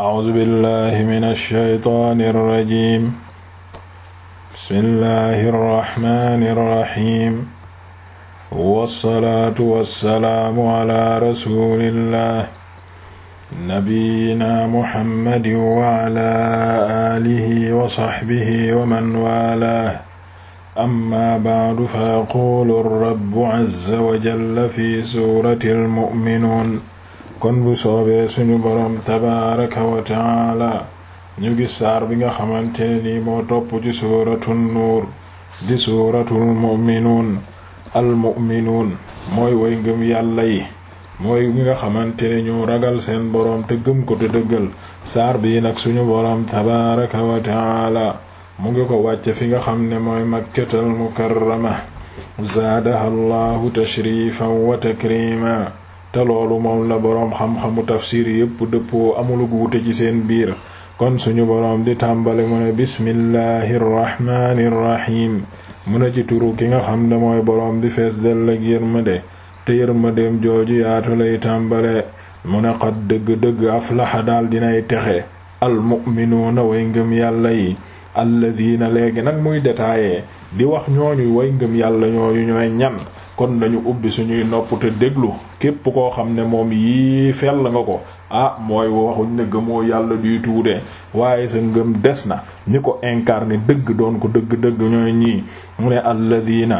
A'uuzu billahi mina shaytaani rajiim. Bismillahi rahmaani rahiim. Wassalaatu wassalaamu ala rasuulillah. Nabiyyina Muhammadin wa ala aalihi wa sahbihi wa man waalaahu. Amma ba'du fa yaquulu rabbu azza wa jalla fi suuratil mu'minuun. kon bu soobee suñu boroom tabaaraka wa taala ñu gis saar bi nga xamante ne nii moo topp ci suuratu nuur di suuratul mu'minuun al mu'minuun mooy woy ngëm yàlla yi mooy bi nga xamante ne ñu ragal seen boroom te gëm ko te dëggal saar bii nag suñu boroom tabaaraka wa mu ngi ko wàcce fi nga xam ne mooy makkatal mukarrama zaadaha allahu tashrifan wa takrima te loolu moom la boroom xam-xamu tafsir yépp dëppoo amul wuute ci seen biir kon suñu boroom di tàmbali mu ne bismillahi rrahmani rrahim mu ne ci turu ki nga xam ne mooy boroom di fees dell ak yërmande te yërmandeem jooju yaatu lay tàmbale mu ne xat dëgg-dëgg aflaxa daal dinay texe almuminuuna way ngëm yàlla yi alladiina léegi nag muy détaillé di wax ñooñu way ngëm yàlla ñu ñooy ñan kon nañu ubbi suñuy nopp te déglu képp koo xam ne moom yii fel nga ko ah mooy waxuñ ne gëmoo yàlla duy tuude waaye sa ngëm des na ñi ko incarné dëgg doon ko dëgg-dëgg ñooy ñii mu ne alladina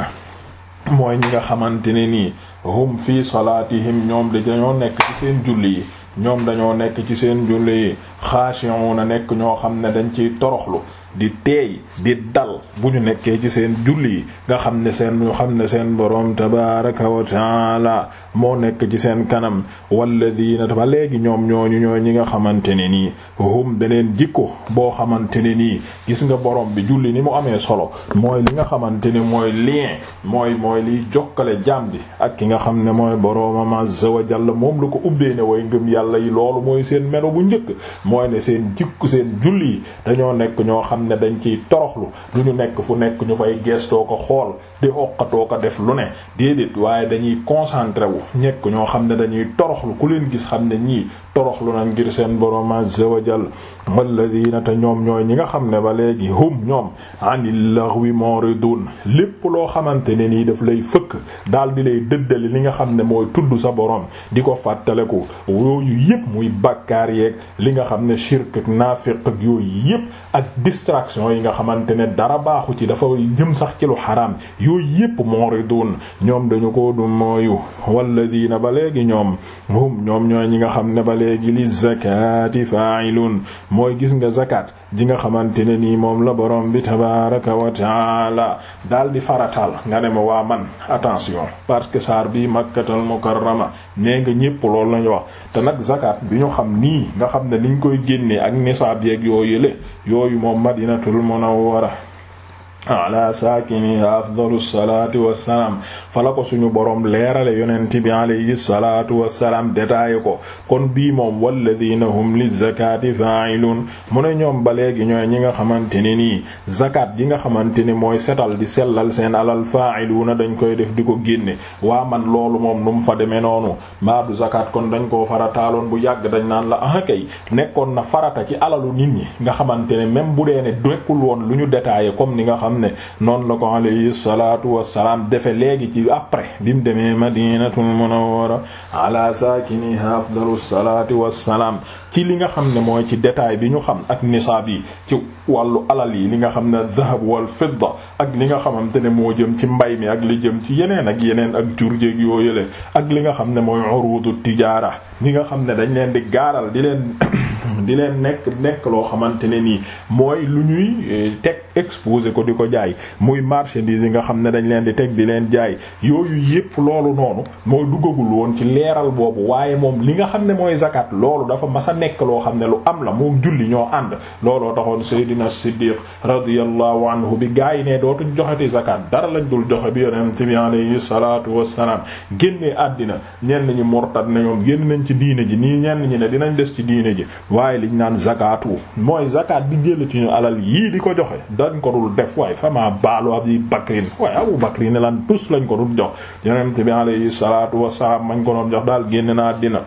mooy ñi nga xamante ne nii hum fii salaatihim ñoom di dañoo nekk ci seen julli yi ñoom dañoo nekk ci seen julli yi xaashi'una nekk ñoo xam ne dañ ciy toroxlu di teey di dal bu ñu nekkee ci seen julli nga xam ne seen ñu xam ne seen boroom tabaraka wa taala moo nekk ci seen kanam walladina ba léegi ñoom ñooñu ñoo ñi nga xamante ne nii hum beneen jikko boo xamante ne nii gis nga borom bi julli ni mu amee solo mooy li nga xamante ne mooy lien mooy mooy liy jokkale jaam bi ak ki nga xam ne mooy boroomam azza wa jalla moom la ko ubbee ne way ngëm yàlla yi loolu mooy seen melo bu njëkk mooy ne seen jikko seen julli yi dañoo nekk ñoo xam ne dañ ciy toroxlu lu ñu nekk fu nekk ñu fay gestoo ko xool di xoqatoo ko def lu ne déedéet waaye dañuy concentré wu ñekk ñoo xam ne dañuy toroxlu ku leen gis xam ne ñii toroxlu nañ ngir seen borom azza wa jal walladina te ñoom ñooy ñi nga xam ne ba léegi hum ñoom wi moo muridun lépp loo xamante ne nii daf lay fëkk daal di lay dëddali li nga xam ne mooy tudd sa borom di ko fàttale ko yooyu yépp muy bakkaar yeeg li nga xam ne shirk ak naafiq ak yooyu yépp ak distraction yi nga xamante ne dara baaxu ci dafa jëm sax ci lu yooyu yépp mooridun ñoom dañu ko du mooyu walladina ba léegi ñoom hum ñoom ñooy ñi nga xam ne ba léegi li zakati fa'ilun mooy gis nga zakat ji nga xamante ne nii moom la borom bi tabaraka wa taala daal di farataal nga ne ma waa man attention parce que saar bi makkatal mukarrama nee nga ñépp lool lañu wax te nag zakat bi ñu xam nii nga xam ne liñ koy génnee ak nisaab yeeg yoo yële yooyu moom madinatul munawwara ala saakiniha afdalu salaati wassalaam fala ko suñu borom leerale yonent bi alayhi salaatu wassalaam détaillé ko kon bii moom walladina hum li zakati faailun mu ne ñoom ba léegi ñooy ñi nga xamante ne nii zakat ji nga xamante ne mooy setal di sellal seen alal faailuna dañ koy def di ko génne waa man loolu moom nu mu fa demee noonu baabu du kon dañ koo farataaloon bu yàgg dañ naan la ah kay nekkoon na farata ci alalu nit ñi nga xamante ne même bu dee ne dekkul woon lu ñu détaillé comme ni nga xam xam noonu la ko alayhi salaatu wassalaam defe léegi ci après bi mu demee madinatul munawwara ala saakiniha afdalu salaati wassalaam ci li nga xam ne mooy ci détail bi ñu xam ak nisaab yi ci wàllu alal yi li nga xam ne dahab wal fidda ak li nga xamante ne moo jëm ci mbay mi ak li jëm ci yeneen ak yeneen ak jur yoo yooyule ak li nga xam ne mooy urudu tijaara li nga xam ne dañ leen di gaaral di leen di leen nekk nekk loo xamante ne nii mooy lu ñuy eh, teg exposé ko di ko jaay muy marchandise yi nga xam ne dañ leen di teg di leen jaay yooyu yépp loolu noonu mooy duggagul woon ci leeral boobu waaye moom li nga xam ne mooy zakat loolu dafa masa nekk loo xam ne lu am la moom julli ñoo ànd looloo taxoon Seydina Siddiq radiyallahu anhu bi gaa yi ne dootuñ joxeti zakat dara lañ dul joxe bi yonent bi alayhi salaatu wassalaam génnee àddina ñenn ñi murtad na ñoom génn nañ ci diine ji nii ñenn ñi ne dinañ des ci diine ji waaye liñ naan zakatu mooy zakat bi jël ci ñu alal yii di ko joxe dañ ko dul def waaye fama baalu abi bakrin waaye abu bakrin lan tus lañ ko dul jox yonent bi alayhi salaatu wasalaam mañ ko doon jox daal génne naa dina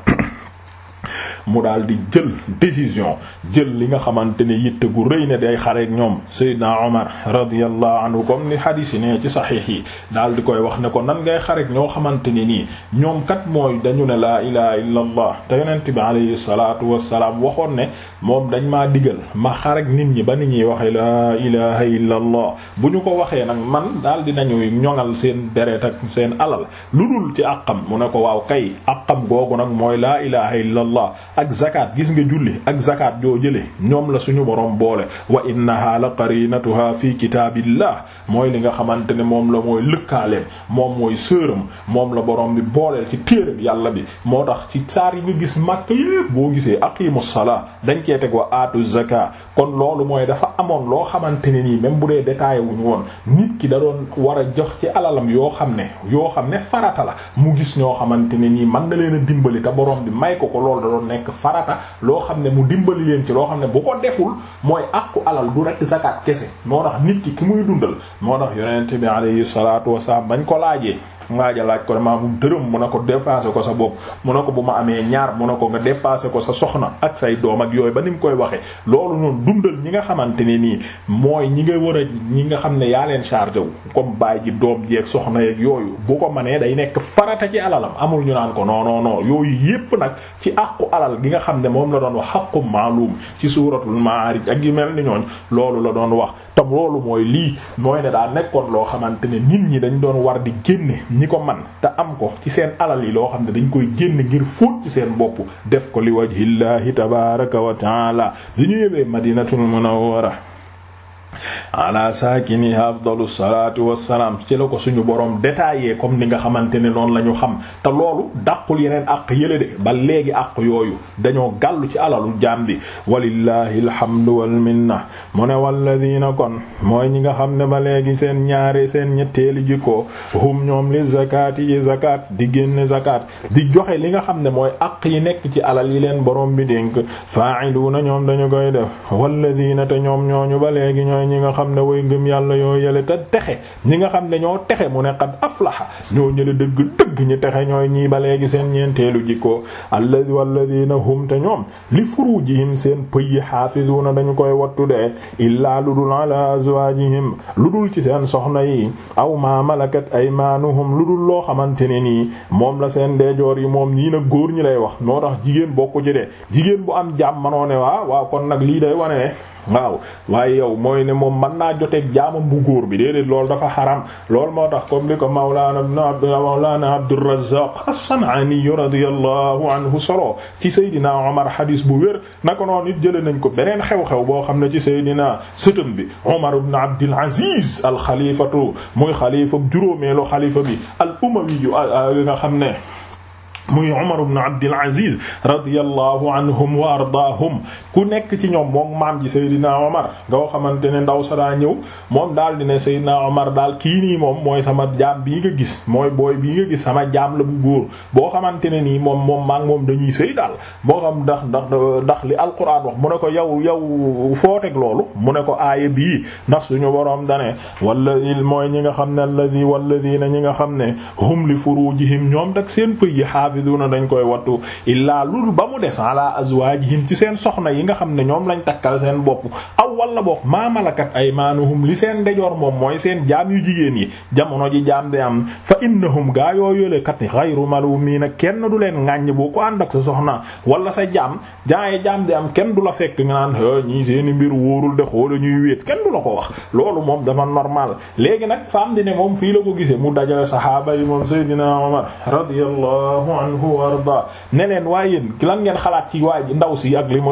mu daal di jël décision jël li nga xamante ne yitte gu rëy ne day xareek ñoom Seydina Omar radiyallahu anhu comme ni hadis yi ne ci saxiix di koy wax ne ko nan ngay xareek ñoo xamante ne nii ñoom kat mooy dañu ne laa ilaha illa allah te yonent bi alayhi salaatu wassalaam waxoon ne moom dañ maa digal ma xareek nit ñi ba nit ñuy waxe laa ilaha illa allah bu ñu ko waxee nag man daal di nañu ñoŋal seen deret ak seen alal lu dul ci àqam mu ne ko waaw kay àqam googu nag mooy laa ilaha illa allah ak zakat gis nga julli ak zakat joo jële ñoom la suñu borom boole wa innaha la qarinatuha fi kitaabillah mooy li nga xamante ne moom la mooy lëkkaaleem moom mooy sëram moom la borom bi booleel ci téeram yàlla bi moo tax ci saar yi nga gis màkk yépp boo gisee aqimu salaa dañ cee teg wa aatu zakat kon loolu mooy dafa amoon loo xamante ne nii même bu dee détaillé wuñu woon nit ki da doon war a jox ci alalam yoo xam ne yoo xam ne farata la mu gis ñoo xamante ne nii mën na leen a dimbali te borom bi may ko ko loolu da doon nekk farata loo xam ne mu dimbali leen ci loo xam ne bu ko deful mooy àqu alal du rek zakat kese moo tax nit ki ki muy dundal moo tax yonent bi alayhi salaatu wasalaam bañ ko laajee waaja laaj ko dama am dërëm mu na ko dépassé ko sa bopp mu ne ko bu ma amee ñaar mu na ko nga dépassé ko sa soxna ak say doom ak yooyu ba ni mu koy waxee loolu noonu dundal ñi nga xamante ne nii mooy ñi nga war a ñi nga xam ne yaa leen chargé wu ko baay ji doom jeeg soxna yeeg yooyu bu ko manee day nekk farata ci alalam amul ñu naan ko non non non yooyu yépp nag ci àqu alal gi nga xam ne moom la doon wax àqu maalum ci suuratul maarij ak yu mel ni ñooñ loolu la doon wax tam loolu mooy lii mooy ne daa nekkoon loo xamante ne nit ñi dañu doon war di génne ñi ko man te am ko ci seen alal yi loo xam ne dañ koy génne ngir fóot ci seen bopp def ko li wajhillahi tabaraka wa taala di ñu yebee madinatul munawwara ala saakini afdalu salaatu wassalaam ci la ko suñu borom détaillé comme ni nga xamante ne noonu la ñu xam te loolu dàqul yeneen àq yële de ba léegi àq yooyu dañoo gàllu ci alalu jaam bi walillahi alhamdu wal minna mu ne walladina kon mooy ñi nga xam ne ba léegi seen ñaare seen ñetteeli jikkoo hum ñoom li zakat yi zakat di génne zakat di joxe li nga xam ne mooy àq yi nekk ci alal yi leen boroom bi dénk fa'iluuna ñoom dañu koy def walladina te ñoom xam ne way ngëm yàlla yoo yële te texe ñi nga xam ne ñoo texe mu ne qad aflaha ñoo ñële dëgg dëgg ñi texe ñooy ñii ba léegi seen ñeenteelu jikkoo alladi walladina hum te ñoom li furujihim seen pëyi xaafisuuna dañu koy wattu de illaa lu dul ala azwaajihim lu dul ci seen soxna yi aw ma malakat aymaanuhum lu dul loo xamante ne nii moom la seen deejoor yi moom ñii nag góor ñi lay wax noo tax jigéen bokku ci de jigéen bu am jàmm manoo waa kon nag lii day wane ne waaw waaye yow mooy ne moom man man naa joteeg jaamam bu góor bi déedéet loolu dafa xaram lool moo tax comme li ko mawlaana mawlaana Abdurrazzaq as-San'ani radiyallahu anhu solo ci Seydina Omar hadis bu wér naka noonu it jëlee nañ ko beneen xew-xew boo xam ne ci Seydina sëtam bi Omar ibn Abdul Aziz al-xalifatu muy xalifa juróomeelu xalifa bi al-umawi yu nga xam ne. muy Umar ibn Abdul Aziz radiyallahu anhum wa ardaahum ku nekk ci ñoom moom maam ji Seydina Omar nga xamante ne ndaw sa daa ñëw moom daal di ne Seydina Omar daal kii nii moom mooy sama jaam bii nga gis mooy booy bii nga gis sama jaam la bu góor boo xamante ne nii moom moom maak moom dañuy sëy daal boo xam ndax ndax ndax li alquran wax mu ne ko yow yow foo teg loolu mu ne ko aaya bii ndax suñu boroom dane wala mooy ñi nga xam ne alladi walladina ñi nga xam ne na dañu koy wattu illaa lul ba mu des ala azwaajihim ci seen soxna yi nga xam ne ñoom lañ takkal seen boppu aw walla boog maa malakat aymaanuhum li seen ndejoor moom mooy seen jaam yu jigéen yi jamono ji jaam de am fa innahum gaa yoo yële kat ghayru malumiina kenn du leen ŋàññ boo ko ànd ak sa soxna wala sa jaam jaaye jaam de am kenn du la fekk nga naan ñii seeni mbir wóorul de xoola ñuy wéet kenn du la ko wax loolu moom dafa normal léegi nag faam di ne moom fii la ko gisee mu dajale saxaaba yi moom Seydina Omar radiyallahu anhu wa arda ne leen waaye lan ngeen xalaat ci waay ji ndaw si ak li mu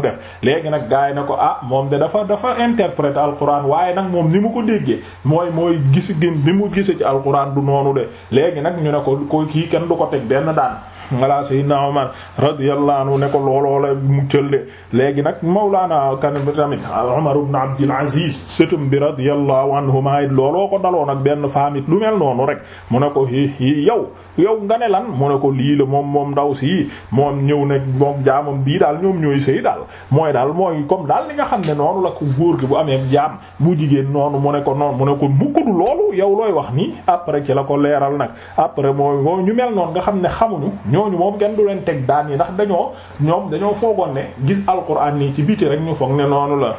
ah, de a interpréter alquran waaye nag moom ni mu ko déggee mooy mooy gis gin ni mu gisee ci alquran du noonu de léegi nag ñu ne ko ko kii kenn du ko teg benn daan wala Seydina Omar radiyallahu anhu ne ko looloo la muccal de léegi nag Mawlana kan tamit Omar ibn Abdul Aziz sëtum bi radiyallahu anhuma looloo ko daloon nag benn faamit lu mel noonu rek mu ne ko hi hi yow yow nga ne lan mu ne ko lii la moom moom ndaw si moom ñëw ne moom jaamom bii daal ñoom ñëw sëy daal mooy daal mooy comme daal li nga xam ne noonu la ko góor gi bu amee jaam bu jigéen noonu mu ne ko noonu mu ne ko mukkudu loolu yow looy wax nii après ci la ko leeral nag après xam ne xamuñu ñooñu moom kenn du leen teg daan yi ndax dañoo ñoom dañoo foogoon ne gis alquran nii ci biti rek ñu foog ne noonu la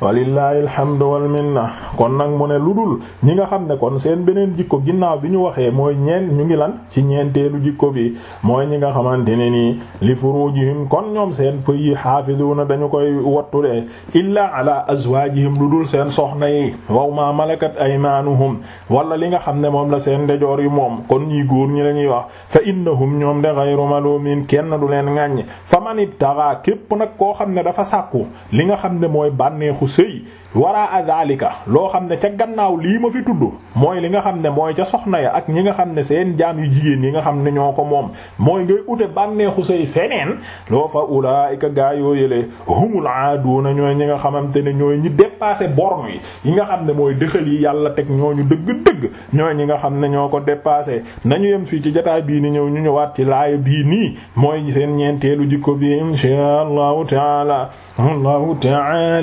walillahi alhamdu wal minna kon nag mu ne lu dul ñi nga xam ne kon seen beneen jikko ginnaaw bi ñu waxee mooy ñeen ñu ngi lan ci ñeenteelu jikko bi mooy ñi nga xamante ne nii li furujihim kon ñoom seen pëy yi xaafizuuna dañu koy wottulee illaa ala azwaajihim lu dul seen soxna yi waw ma malakat aymaanuhum wala li nga xam ne moom la seen ndejoor yi moom kon ñi góor ñi la ñuy wax fa innahum ñoom de ghayru malumin kenn du leen ŋàññ fa nit ibtaga képp nag koo xam ne dafa sàkku li nga xam ne mooy bànneexu sëy waraa daalika loo xam ne ca gannaaw lii ma fi tudd mooy li nga xam ne mooy ca soxna ya ak ñi nga xam ne seen jaam yu jigéen ñi nga xam ne ñoo ko moom mooy ngay ute bànneexu say feneen loo ñi nga xamante ne ñooy ñi dépassé borne yi nga xam ne mooy dëxal yi yàlla teg ñu dëgg-dëgg ñooy ñi nga xam ne ñoo ko dépassé nañu yem fii ci jotaay bii ni ñëw ñu ñëwaat ci laaya bii nii mooy seen ñeenteelu jikko bi insha allahu taala allahu taala